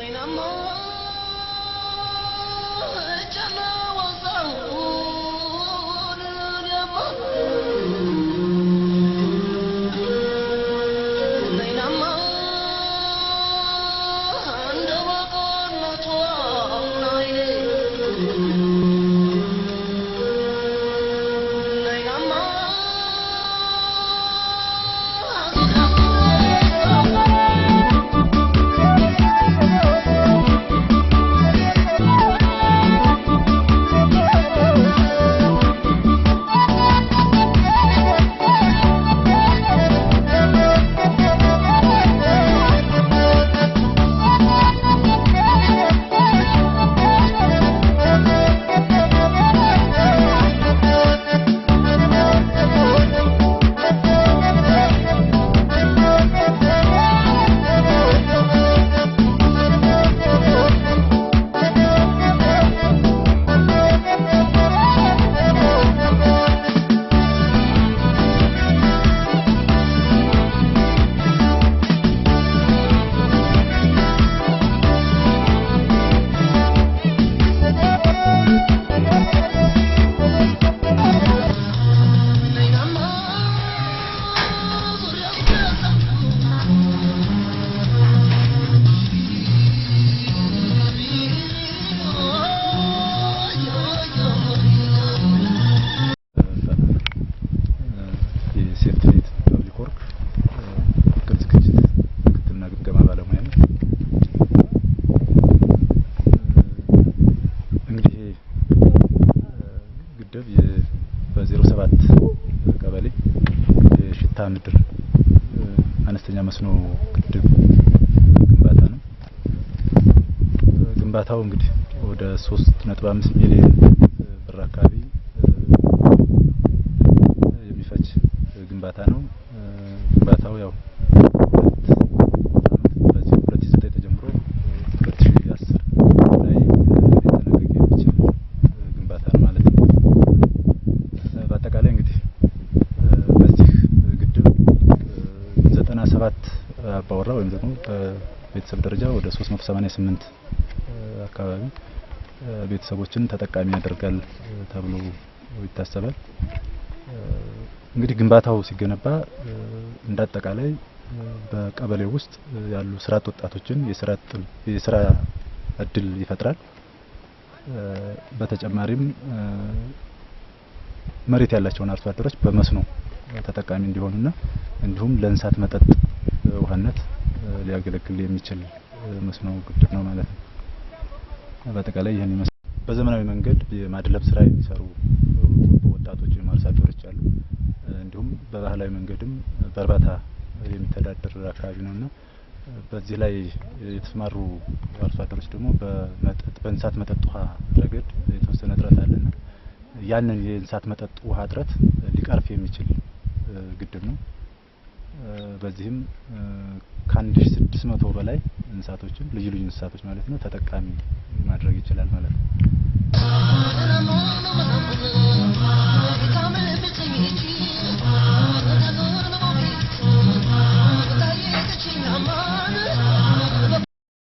Dynamo, Dynamo, Dynamo, Dynamo, Dynamo, Dynamo, Dynamo, ሰባት ቀበሌ የሽታ ምድር አነስተኛ መስኖ ግድብ ግንባታ ነው። ግንባታው እንግዲህ ወደ 3.5 ሚሊዮን አባወራ ወይም ደግሞ በቤተሰብ ደረጃ ወደ 388 አካባቢ ቤተሰቦችን ተጠቃሚ ያደርጋል ተብሎ ይታሰባል። እንግዲህ ግንባታው ሲገነባ እንደ አጠቃላይ በቀበሌ ውስጥ ያሉ ስራ አጥ ወጣቶችን የስራ እድል ይፈጥራል። በተጨማሪም መሬት ያላቸውን አርሶ አደሮች በመስኖ ተጠቃሚ እንዲሆኑና እንዲሁም ለእንስሳት መጠጥ ውሃነት ሊያገለግል የሚችል መስኖ ግድብ ነው ማለት ነው። በአጠቃላይ ይህን ይመስላል። በዘመናዊ መንገድ የማድለብ ስራ የሚሰሩ ወጣቶች ወይም አርሶ አደሮች አሉ። እንዲሁም በባህላዊ መንገድም በእርባታ የሚተዳደር አካባቢ ነው እና በዚህ ላይ የተሰማሩ አርሶ አደሮች ደግሞ በእንስሳት መጠጥ ውሃ ረገድ የተወሰነ እጥረት አለና ያንን የእንስሳት መጠጥ ውሃ እጥረት ሊቀርፍ የሚችል ግድብ ነው። በዚህም ከአንድ ሺ ስድስት መቶ በላይ እንስሳቶችን ልዩ ልዩ እንስሳቶች ማለት ነው ተጠቃሚ ማድረግ ይችላል ማለት ነው።